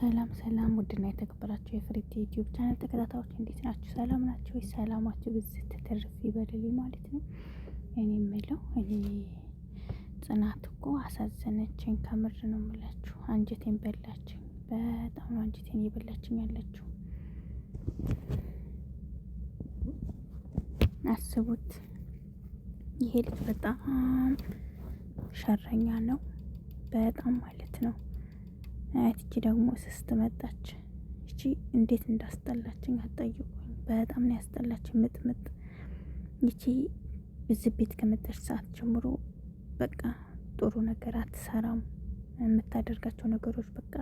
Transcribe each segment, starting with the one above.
ሰላም ሰላም፣ ውድና የተከበራችሁ የፍሬት ዩቲዩብ ቻናል ተከታታዮች እንዴት ናችሁ? ሰላም ናችሁ ወይ? ሰላማችሁ ብዝት ትተርፍ ይበልልኝ ማለት ነው። እኔ የምለው እኔ ጽናት እኮ አሳዘነችኝ። ከምር ነው የምላችሁ፣ አንጀቴን በላችኝ። በጣም ነው አንጀቴን የበላችኝ ያለችው። አስቡት፣ ይሄ ልጅ በጣም ሸረኛ ነው፣ በጣም ማለት ነው እቺ ደግሞ ስስት መጣች። እቺ እንዴት እንዳስጠላችኝ አትጠይቁኝ። በጣም ነው ያስጠላች ምጥምጥ። እቺ እዚህ ቤት ከመጣች ሰዓት ጀምሮ በቃ ጥሩ ነገር አትሰራም። የምታደርጋቸው ነገሮች በቃ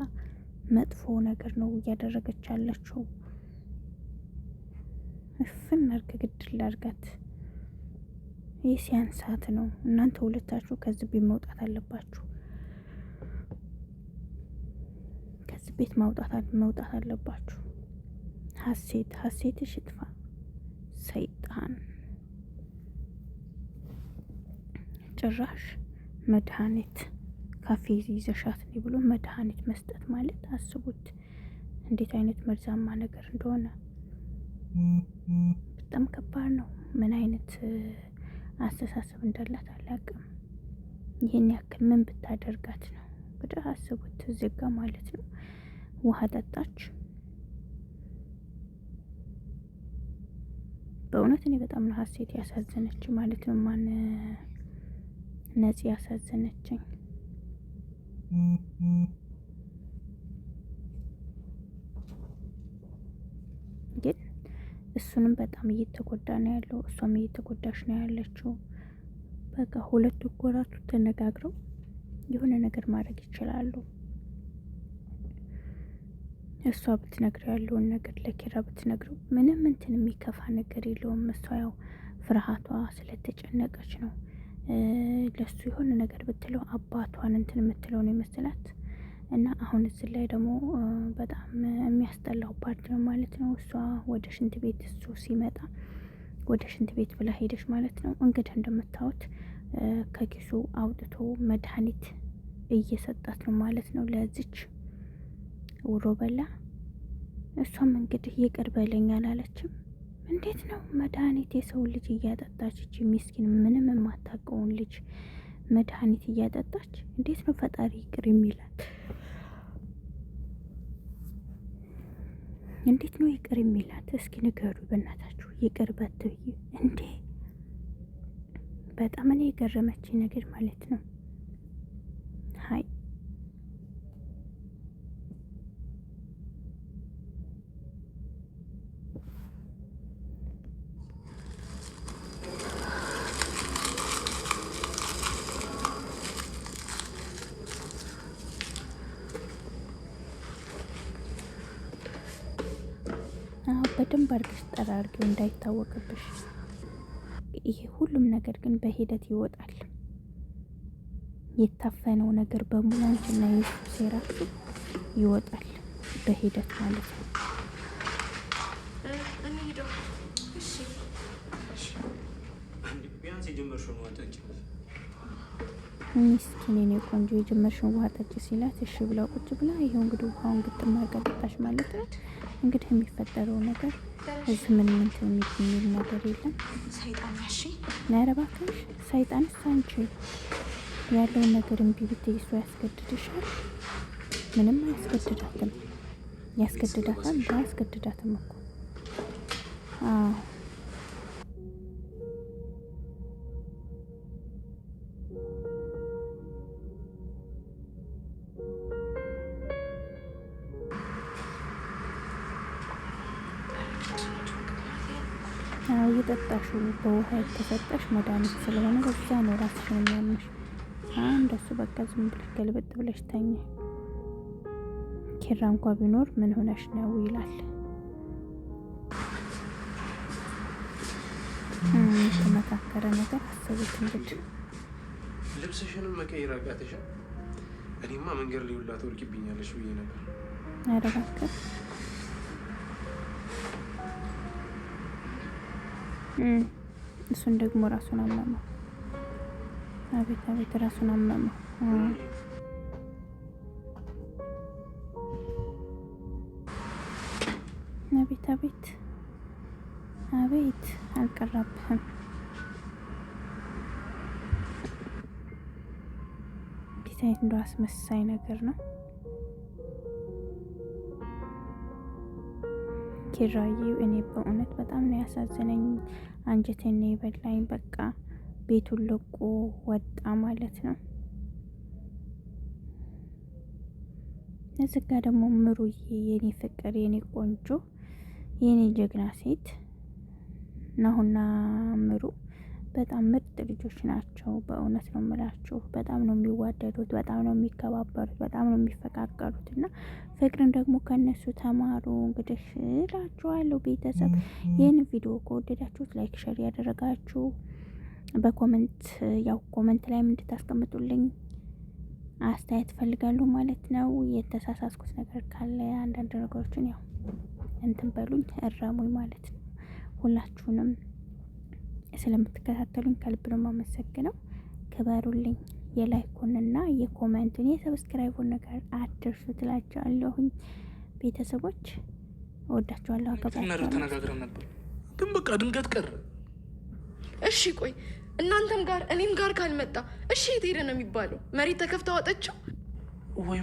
መጥፎ ነገር ነው እያደረገች ያለችው። እፍን አርገ ግድል አርጋት። ይህ ሲያንሳት ነው። እናንተ ሁለታችሁ ከዚህ ቤት መውጣት አለባችሁ። ቤት ማውጣት መውጣት አለባችሁ። ሀሴት ሀሴትሽ ይጥፋ ሰይጣን ጭራሽ መድኃኒት ካፌ ይዘሻት ነው ብሎ መድኃኒት መስጠት ማለት አስቡት፣ እንዴት አይነት መርዛማ ነገር እንደሆነ በጣም ከባድ ነው። ምን አይነት አስተሳሰብ እንዳላት አላውቅም። ይህን ያክል ምን ብታደርጋት ነው? በጣም አስቡት፣ እዚህ ጋ ማለት ነው ውሃ ጠጣች። በእውነት እኔ በጣም ነው ሀሴት ያሳዘነች ማለት ነው። ማን ነጽ ያሳዘነችኝ ግን እሱንም በጣም እየተጎዳ ነው ያለው፣ እሷም እየተጎዳች ነው ያለችው። በቃ ሁለቱ ጎራቱ ተነጋግረው የሆነ ነገር ማድረግ ይችላሉ። እሷ ብትነግረው ያለውን ነገር ለኪራ ብትነግረው ምንም እንትን የሚከፋ ነገር የለውም። እሷ ያው ፍርሃቷ ስለተጨነቀች ነው። ለሱ የሆነ ነገር ብትለው አባቷን እንትን የምትለው ነው ይመስላት እና አሁን እዚህ ላይ ደግሞ በጣም የሚያስጠላው ፓርት ነው ማለት ነው። እሷ ወደ ሽንት ቤት እሱ ሲመጣ ወደ ሽንት ቤት ብላ ሄደች ማለት ነው። እንግዲህ እንደምታዩት ከኪሱ አውጥቶ መድኃኒት እየሰጣት ነው ማለት ነው ለዚች ውሮ በላ። እሷም እንግዲህ ይቅር በለኝ አላለችም። እንዴት ነው መድኃኒት የሰው ልጅ እያጠጣች ሚስኪን ምንም የማታውቀውን ልጅ መድኃኒት እያጠጣች እንዴት ነው ፈጣሪ ይቅር የሚላት? እንዴት ነው ይቅር የሚላት? እስኪ ንገሩ በእናታችሁ ይቅር በትይ እንዴ! በጣም እኔ የገረመችኝ ነገር ማለት ነው ሀይ በደንብ አድርገሽ ጠራርጊው እንዳይታወቅብሽ። ይሄ ሁሉም ነገር ግን በሂደት ይወጣል። የታፈነው ነገር በሙሉ አንቺና የሱ ሴራችሁ ይወጣል በሂደት ማለት ነው። ሚስኪን የኔ ቆንጆ የጀመርሽን ውሃ ጠጭ ሲላት እሺ ብላ ቁጭ ብላ ይኸው እንግዲህ ውሃውን ግጥም አድርጋ ጠጣሽ ማለት ነው። እንግዲህ የሚፈጠረው ነገር እዚህ ምን ምንትን የሚል ነገር የለም። ናያረባክሽ ሰይጣን ሳንቺ ያለውን ነገር እምቢ ብትይ እሱ ያስገድድሻል። ምንም አያስገድዳትም። ያስገድዳታል? አያስገድዳትም እኮ አዎ እየጠጣሹ በውሃ የተሰጠሽ መድኃኒት ስለሆነ በዛ ነው ራስሽ የሚያምሽ። እንደሱ በቃ ዝም ብለሽ ገልበጥ ብለሽ ተኝ። ኪራ እንኳ ቢኖር ምን ሆነሽ ነው ይላል። የተመካከረ ነገር አሰቡት እንግዲህ። ልብስሽንም መቀየር አቃተሻል። እኔማ መንገድ ላይ ሁላ ትወድቅብኛለሽ ብዬ ነበር። አረባከር እሱን ደግሞ ራሱን አመመው። አቤት አቤት፣ ራሱን አመመው። አቤት አቤት አቤት፣ አልቀረብህም። እንዴት አይነት እንደው አስመሳይ ነገር ነው። ኪራዬ፣ እኔ በእውነት በጣም ነው ያሳዘነኝ። አንጀቴን የበላኝ። በቃ ቤቱን ለቆ ወጣ ማለት ነው። እዚህ ጋ ደግሞ ምሩዬ፣ የኔ ፍቅር፣ የኔ ቆንጆ፣ የኔ ጀግና ሴት ናሁና ምሩ በጣም ምርጥ ልጆች ናቸው። በእውነት ነው የምላችሁ። በጣም ነው የሚዋደዱት፣ በጣም ነው የሚከባበሩት፣ በጣም ነው የሚፈቃቀሩት እና ፍቅርን ደግሞ ከእነሱ ተማሩ። እንግዲህ እላችኋለሁ ቤተሰብ ይህን ቪዲዮ ከወደዳችሁት ላይክ፣ ሸር ያደረጋችሁ በኮመንት ያው ኮመንት ላይ እንድታስቀምጡልኝ አስተያየት ፈልጋሉ ማለት ነው። የተሳሳስኩት ነገር ካለ አንዳንድ ነገሮችን ያው እንትን በሉኝ እረሙኝ ማለት ነው ሁላችሁንም ስለምትከታተሉኝ ከልብ ነው የማመሰግነው። ክበሩልኝ። የላይኩንና የኮመንቱን የሰብስክራይቡን ነገር አድርሱ ትላቸዋለሁኝ። ቤተሰቦች እወዳቸዋለሁ። አገባመር ተነጋግረን ነበር፣ ግን በቃ ድንገት ቀረ። እሺ ቆይ እናንተም ጋር እኔም ጋር ካልመጣ እሺ የት ሄደ ነው የሚባለው? መሬት ተከፍተው አጠችው ወይ?